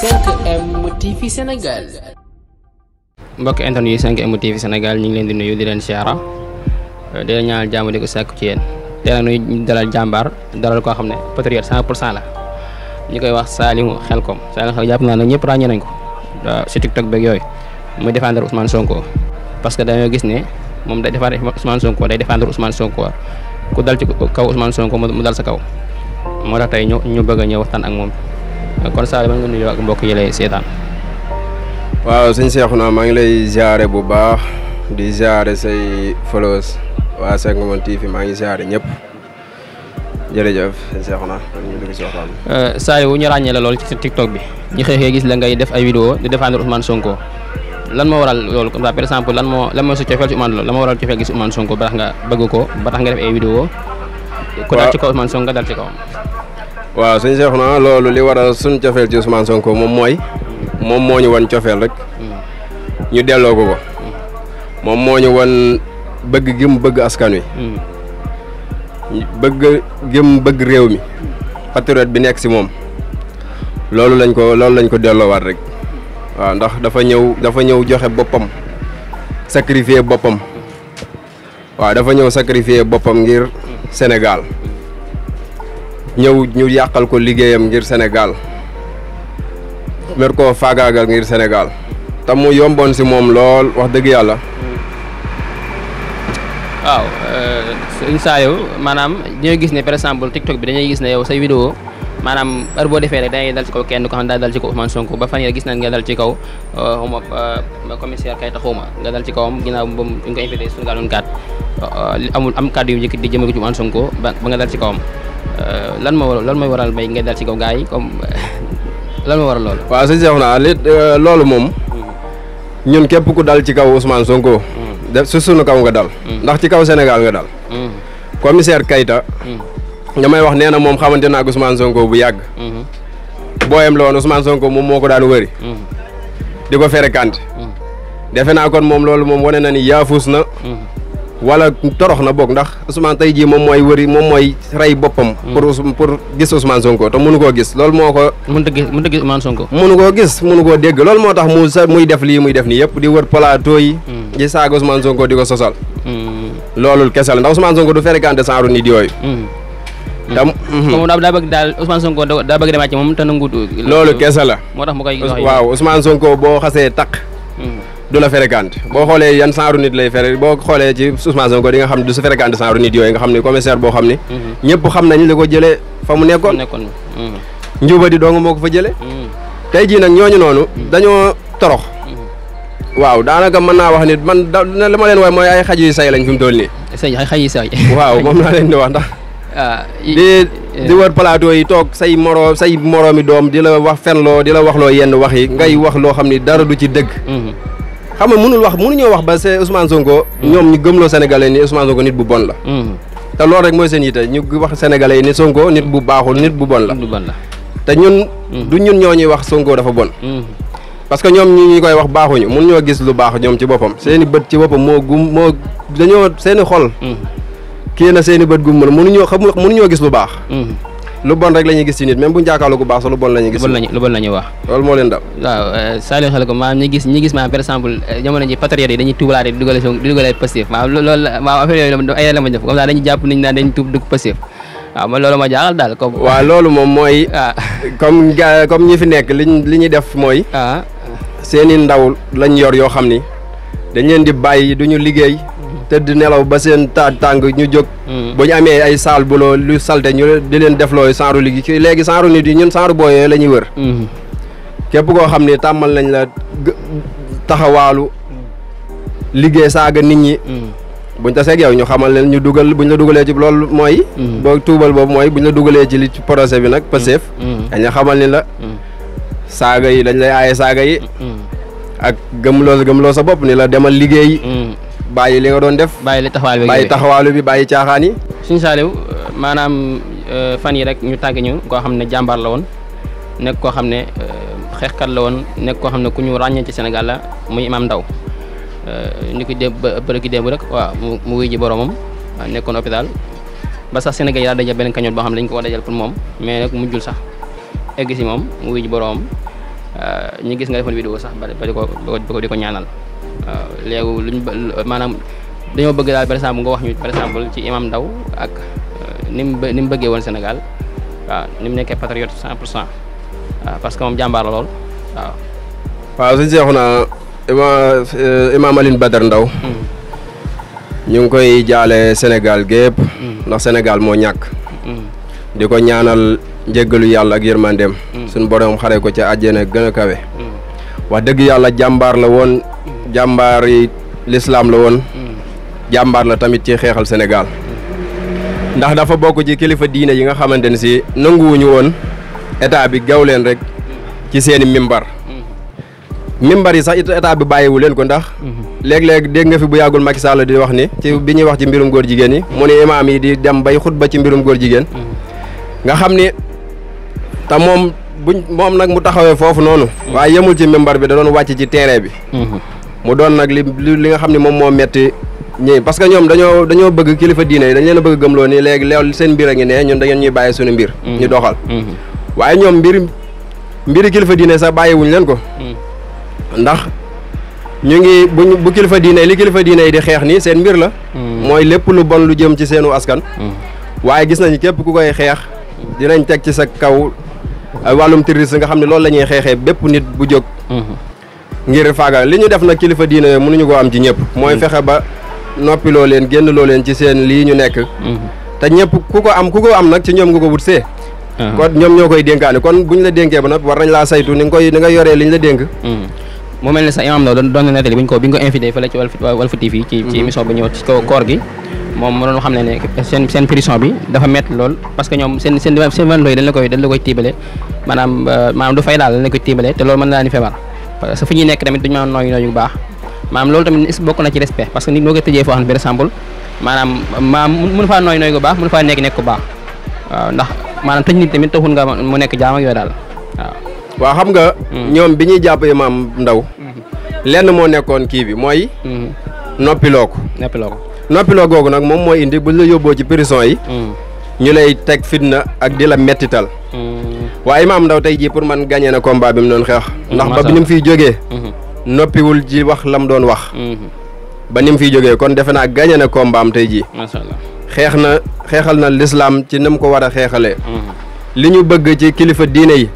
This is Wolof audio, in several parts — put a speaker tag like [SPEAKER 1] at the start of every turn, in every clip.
[SPEAKER 1] 5M TV Sénégal. mbokk internet yi 5M TV Sénégal ñu ngi leen di nuyu di leen siyaara di leen ñaanal jàmm di ci yéen tey dalal jàmbaar dalal koo xam ne patriote 100 pour cent la ñu koy wax Saliou Khelcom Saliou Khelcom jàpp naa ne ñëpp ràññee nañ ko si TikTok beeg yooyu muy défendre Ousmane Sonko parce que dañoo gis ne moom day défendre Ousmane sonkoo day défendre Ousmane Sonko ku dal ci kaw Ousmane Sonko mu dal sa kaw. moo tax tey ñu ñu bëgg a ñëw waxtaan ak moom kon Saliou man mbokk yi lay seetaan.
[SPEAKER 2] waaw sëñ Cheikhouna maa ngi lay ziare bu baax di ziare say followers waa Seck Ngoman TV maa ngi ziare ñëpp jërëjëf sëñ Cheikhouna ñu dugg si waxtaan bi.
[SPEAKER 1] Euh, Saliou ñu ràññee la lool ci TikTok bi ñu xëy xëy gis la ngay def ay vidéo di défendre Ousmane Sonko lan moo waral loolu comme ça par exemple lan moo lan moo sa cofeel ci Ousmane loolu lan moo waral cofeel gi ci Ousmane Sonko ba tax nga
[SPEAKER 2] bëgg ko ba nga def ay vidéo.
[SPEAKER 1] waaw ku dal ci kaw Ousmane Sonko nga ci kawam.
[SPEAKER 2] waaw suñ seexu na loolu li waral suñ cofeel ci Ousmane Sonko moom mooy moom moo ñu wan cofeel rek ñu delloo ko ko moom moo ñu wan bëgg gi mu bëgg askan wi bëgg gi mu bëgg réew mi patriote bi nekk si moom loolu lañ ko loolu lañ ko delloowaat rek waaw ndax dafa ñëw dafa ñëw joxe boppam sacrifier boppam waaw dafa ñëw sacrifier boppam ngir Sénégal ñëw ñu yàqal ko liggéeyam ngir Sénégal mer koo faagaagal ngir Sénégal te mu yomboon si moom lool wax dëgg yàlla.
[SPEAKER 1] waaw euh, sëñ Saliou maanaam dañoo gis ne par exemple TikTok bi dañuy gis ne yow say vidéo maanaam heure boo defee rek da ngay dal ci kaw kenn ko xam daa dal ci kaw ba fan yii gis nañ nga dal ci kaw xuma euh, euh, commissaire Kayta xuma nga dal ci kawam ginnaaw ba mu ñu ko invité amul am kàddu yu njëkk di jëmale ko ci Ousmane Sonko ba nga dal ci kawam. Euh, lan ma waral lan mooy waral mbay ngay dal ci kaw gars yi comme
[SPEAKER 2] lan ma waral loolu. waaw sëñ Cheikh euh, naa loolu moom. ñun képp ku dal ci kaw Ousmane Sonko. su sunu kaw nga dal. Mm. ndax ci kaw Sénégal nga dal. Mm. commissaire Kayta. Mm. nga may wax nee na moom xamante na ak Sonko bu yàgg.
[SPEAKER 1] Mm-hmm.
[SPEAKER 2] booyam la woon Ousmane Sonko moom moo ko daan wëri. di ko fréquenté. defe naa kon moom loolu moom wane na ni yaafuus na. wala torox na boog ndax Ousmane tey jii moom mooy wëri moom mooy rey boppam. Mm. pour pour gis Ousmane Sonko te mënu koo gis loolu moo ko. mënut a gis mënut a gis Ousmane Sonko. mënu koo gis mënu koo dégg loolu moo tax mu sa muy def lii muy def ni yëpp di wër plateau yi. Mm. di saaga Ousmane Sonko di ko sosal.
[SPEAKER 1] Mm.
[SPEAKER 2] loolu kese la ndax Ousmane Sonko du fréquenté genre nit yooyu. tam. Mm-hmm. moom daa bëgg daal Ousmane Sonko daa bëgg demaat ci moom la moo tax
[SPEAKER 1] mu koy. waaw Ousmane
[SPEAKER 2] Sonko boo xasee taq du la fréquente boo xoolee yan saaru nit lay fere boo xoolee ci Ousmane Sonko di nga xam ne du su fréquente saaru nit yooyu nga xam ne commissaire boo xam ne mhm. ñëpp xam nañ li ko jëlee fa mu nekkoon mhm. njuuba di doonga moo ko fa jële mhm. tey jii nag ñooñu noonu dañoo torox waaw daanaka mën naa wax nit man da li ma leen wax mooy ay xaj yu say lañ fi mu toll nii say ay xaj yu say waaw moom laa leen di wax ndax ah, di eh. di wër plateau yi toog say moro say moroomi doom di la wax fen loo di la wax loo yenn wax yi ngay wax loo xam ni dara du ci dëgg xam nga mënul wax mënuñoo wax ba c'est Ousmane Sonko. Mm. ñoom ñu gëmloo sénégalais ni Ousmane Sonko nit bu bon la. Mm. te loolu rek mooy seen yite ñu wax sénégalais yi ni Sonko nit bu baaxul nit bu bon la. te ñun. Mm. du ñun ñoo ñuy wax Sonko dafa bon. parce que ñoom ñi ñu koy wax baaxuñu mun ñoo gis lu baax ñoom ci boppam seen i bët ci boppam moo gum moo dañoo seen i xol. kii na seen i bët gum la mënuñoo xam mënuñoo gis lu baax. lu bon rek la ñu gis ci nit même bu ñu jàkkaarloo ku baax sax lu bon la ñuy gis. lu bon la ñuy wax. loolu moo leen dal.
[SPEAKER 1] waaw euh, Saliou ko maanaam ñi gis ñi par exemple euh, jamono ji patriote yi dañuy tuubalaate di dugale di dugale passif maanaam loolu ma def daal comme. loolu moom
[SPEAKER 2] mooy. Ah. comme ga comme ñi fi nekk liñ li ñuy def mooy. Ah. seeni ndaw la lañ yor yoo xam ni dañ leen di bàyyi ñu liggéey tëdd nelaw ba seen ta tàng ñu jóg hmm. bu ñu amee ay saal buloo lu salte ñu di leen def looyu sanru ligi léegi sanru nit yi ñun sanru booyee la ñuy wër hmm. képp koo xam ne tàmmal nañ la taxawaalu liggéey saaga nit ñi hmm. buñ taseeg yow ñu xamal leen ñu dugal buñ la dugalee ci loolu mooy boo tuubal boobu mooy buñ dugalee ci li ci projet bi nag Pastef dañu xamal ni la saaga yi dañ lay aaye saaga yi ak gëm gëmloo sa bopp ni la demal liggéey bàyyi li nga doon def. bàyyi taxawaalu bi bàyyi taxawaalu bi bàyyi caaxaan yi. suñu saaliw
[SPEAKER 1] maanaam euh, fan yi rek ñu tàgg ñu koo xam ne jàmbaar la woon nekk koo xam ne euh, xeexkat la woon nekk koo xam ne ku ñu ràññee ci Sénégal la muy Imam Ndaw euh, ni ko ba ki démb rek waaw mu mu wuy ji boromam nekkoon hôpital ba sax Sénégal yi daal dajal benn kañoon boo xam ne dañ ko dajal pour moom mais mu jul sax egg si moom mu wuy ji boromam ñu gis nga defoon vidéo sax ba di ko ba di ko ñaanal. waaw léegi luñ maanaam dañoo bëgg daal par exemple nga wax ñu par exemple ci Imam Ndaw ak euh, ni mu ni mu bëggee woon Sénégal waaw ni mu nekkee patriote cent pour cent parce que moom jàmbaar la lool waaw.
[SPEAKER 2] waaw suñu seexu naa Imaam euh, Imaam Badar Ndaw hmm. ñu ngi koy jaale Sénégal gépp hmm. ndax Sénégal moo ñàkk. Hmm. di ko ñaanal njéggalu yàlla ak yërmandeem. suñu borom xare ko ci àjjana gën a kawe. wax dëgg yàlla jàmbaar la woon jàmbaar yi lislaam la woon mm. jàmbaar la tamit ci xeexal Sénégal ndax dafa bokk ci kilifa diine yi nga xamante ne si nanguwuñu woon état bi gaw leen rek ci seeni mimbar mm. mimbar yi sax it état bi bàyyiwu leen ko ndax mm-hmm. léeg-léeg dégg nga fi bu yàggul Macky Sall di wax ni ci bi ñuy wax ci mbirum góor jigéen yi mu ne imaam yi di dem bay xutba ci mbirum góor jigéen mm-hmm. nga xam ni te moom buñ moom nag mu taxawee foofu noonu mm-hmm. waaye yemul ci mimbar bi da doon wàcc ci terrain bi mu doon nag li li nga xam ne moom moo metti ñii parce que ñoom dañoo dañoo bëgg kilifa diine yi dañ leen bëgg gëmloo ni léegi leew seen mbir a ngi ne ñun da ngeen ñuy bàyyi suñu mbir mm-hmm. ñu doxal mm-hmm. waaye ñoom mbir mbiri kilifa diine sax bàyyiwuñ leen ko mm-hmm. ndax ñu ngi buñ bu kilifa diine li kilifa diine yi di xeex ni seen mbir la mooy lépp lu bon lu jëm ci seenu askan waaye gis nañu képp ku koy xeex dinañ teg ci sa kaw wàllum terrorisme nga xam ne loolu la ñuy xeexee bépp nit bu jóg ngir faaga li ñu def nag kilifa diine yooyu mënuñu koo am ci ñëpp. mooy mm. fexe ba noppi loo leen génn loo leen ci seen lii ñu nekk. Mm. te ñëpp ku ko am ku ko am nag ci ñoom nga ko wut see. Ah. kon ñoom ñoo koy koy ni nga la dénk. Mm. mu mel ne sax
[SPEAKER 1] i la doon doon nettali bi ñu doon ne ne seen seen prison dafa métti lool parce que ñoom seen seen seen wàllu yi dañ la koy dañ la koy tiibale maanaam euh, mën naa ni feebar parce que fi ñuy nekk tamit duñu mën a nooyu nooyu bu baax maanaam loolu tamit bokk na ci respect parce que nit moo koy tëjee foo xam maam mun faa nooy nooy bu baax mun faa nekk nekk bu maanaam tëj nit tamit taxul nga mu nekk jaam ak yooyu daal
[SPEAKER 2] waaw xam nga hmm. ñoom bi ñuy jàpp maam ndaw hmm. lenn moo nekkoon kii bi mooy hmm. noppiloo ko noppiloo ko noppiloo googu nag moom mooy indi bu la yóbboo ci prison yi ñu lay teg fitna ak di la mettital waaye Imaam ndaw tey jii pour man gagné na combat bi mu doon xeex. ndax ba bi ni mu fiy jógee. Mhm. noppiwul ji wax la mu doon wax. Mhm. ba ni mu fiy jógee kon defe naa gagné na combat tey jii. macha allah xeex na xeexal na lislaam ci ni mu ko war a xeexalee. Mhm. li ñu bëgg ci kilifa diine yi.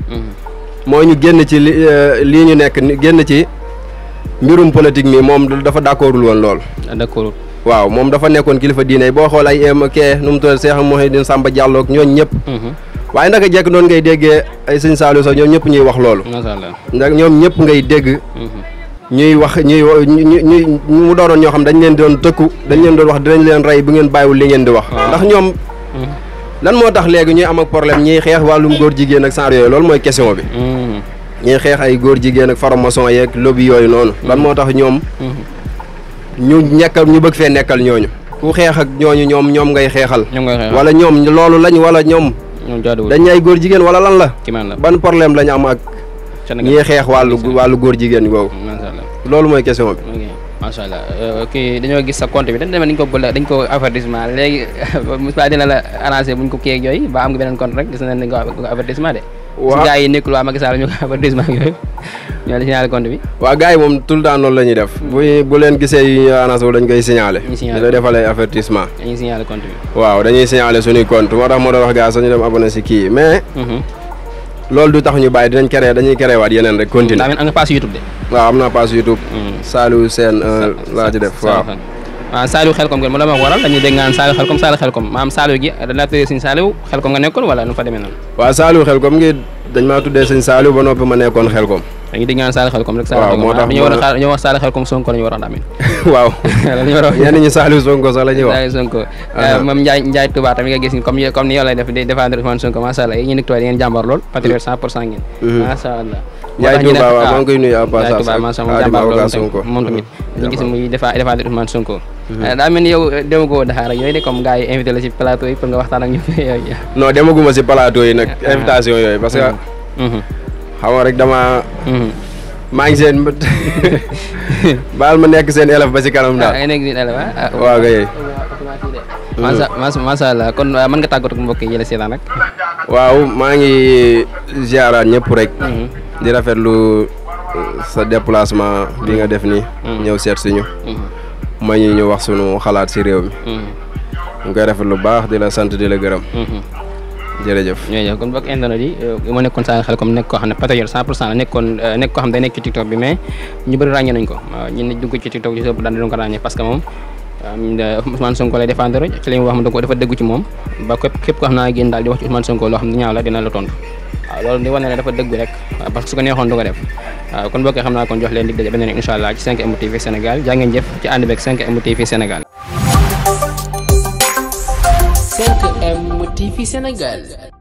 [SPEAKER 2] mooy ñu génn ci li euh, lii ñu nekk génn ci mbirum politique mi moom dafa d'accordul woon lool. d'accord waaw moom dafa nekkoon kilifa diine yi boo xool ay kee nu mu tudd Cheikh Mouhidine sàmba Diallo ak ñooñu ñëpp. waaye naka jekk noonu ngay déggee ay sëñ Saliou Sow ñoom ñëpp ñuy wax loolu. macha allah ndax ñoom ñëpp ngay dégg. Mhm. ñuy wax ñuy ñuy mu doonoon ñoo xam dañ leen doon tëkku dañ leen doon wax dinañ leen rey bu ngeen bàyyiwul li ngeen di wax. Ah. ndax ñoom.
[SPEAKER 1] Mhm.
[SPEAKER 2] lan moo tax léegi ñuy am ak problème ñiy xeex wàllum góor jigéen ak saar yooyu loolu mooy question bi. Mhm. ñuy xeex ay góor jigéen ak formation yeeg lobby yooyu noonu. lan moo tax ñoom. ñu nekkal ñu bëgg fee nekkal ñooñu. ku xeex ak ñooñu ñoom ñoom ngay xeexal. wala ñoom loolu lañ wala ñoom ñoom jaaduwul dañ ay góor jigéen wala lan la. ban problème lañ am ak. ñiy xeex wàllu wàllu góor jigéen googu. Mm, loolu mooy question bi.
[SPEAKER 1] macha allah euh, kii dañoo gis sa compte bi dañ demee dañ ko bëgg dañ ko avertissement léegi Moussa dina la arrangé buñ ko kii ak yooyu ba am nga beneen compte rek gis nañ ne dañ ko avertissement de. waaw gars yi nekkul waa Macky Sall ñu ko avertissement yooyu ñoo la signalé compte bi.
[SPEAKER 2] waaw gars yi moom tout le temps loolu la ñuy def. bu leen gisee yu ñu dañ koy signalé. ñu signalé dañu defalee waaw dañuy signalé suñuy compte moo tax moo doon wax gars ñu dem abonné si kii mais. Mhm. loolu du tax ñu bàyyi dinañ créé dañuy créé waat yeneen rek. continué de. waaw am naa page YouTube. Mm. Saliou Sène euh, laa def waaw.
[SPEAKER 1] waaw Saliou Xelkom kon mu la ma ko waral dañuy maam Saliou gi dañ laa tuddee fa demee noonu
[SPEAKER 2] waaw Saliou Xelkom ngi dañ maa tuddee sëñ Saliou ba noppi ma nekkoon Xelkom
[SPEAKER 1] dañuy dégg naan Saliou Xelkom rek Saliou moo tax ñu war a ñu ñu war a amit waaw ñu war a ñenn ñi
[SPEAKER 2] Saliou Sonko
[SPEAKER 1] eh, moom Ndiaye Ndiaye tamit nga gis ni comme ni yow lay def di défendre Ousmane Sonko macha allah yéen nit tubaab ngeen jàmbar lool patriote cent pour cent ngeen mm-hmm.
[SPEAKER 2] moom tamit ñu gis muy défendre
[SPEAKER 1] Ousmane Mhm. Eh, daa mel yow eh, demagoo Dakar ak yooyu de comme gars yi invité la si plateau yi pour nga waxtaan ak
[SPEAKER 2] demaguma si plateau nag eh, invitation yooyu parce que mhm. Mhm. xam nga rek dama maa ngi seen baal ma nekk seen élève ba si kanam daal ah, nekk seen élève ah, ah, waaw kay
[SPEAKER 1] macha allah kon mën nga mbokk yi la seetaan rek
[SPEAKER 2] waaw maa ngi ziaraat ñëpp rek di rafetlu sa déplacement bi nga def ni ñëw seet suñu may ñu wax sunu xalaat si réew mi. Mm-hmm. ñu koy rafet lu baax di la sant di la gërëm. Mm-hmm. jërëjëf jërëjëf
[SPEAKER 1] kon mbokk internet yi euh, ma nekkoon saa mais ñu bëri ràññee ko ñu ne dugg ci tiktok bi soo daan dañu ko ràññee parce que moom euh, Ousmane Sonko lay défendre ci li mu wax dafa dëgg ci moom ba képp képp xam naa génn daal di wax ci Ousmane Sonko loo xam ne ñaaw la dina la tontu. waaw loolu di wane ne dafa dëgg rek parce que su ko neexoon du kon bokkee xam naa kon jox leen dig daje beneen incha allah ci 5M TV Sénégal jaa jëf ci ànd beeg 5M TV Sénégal. 5M TV Sénégal.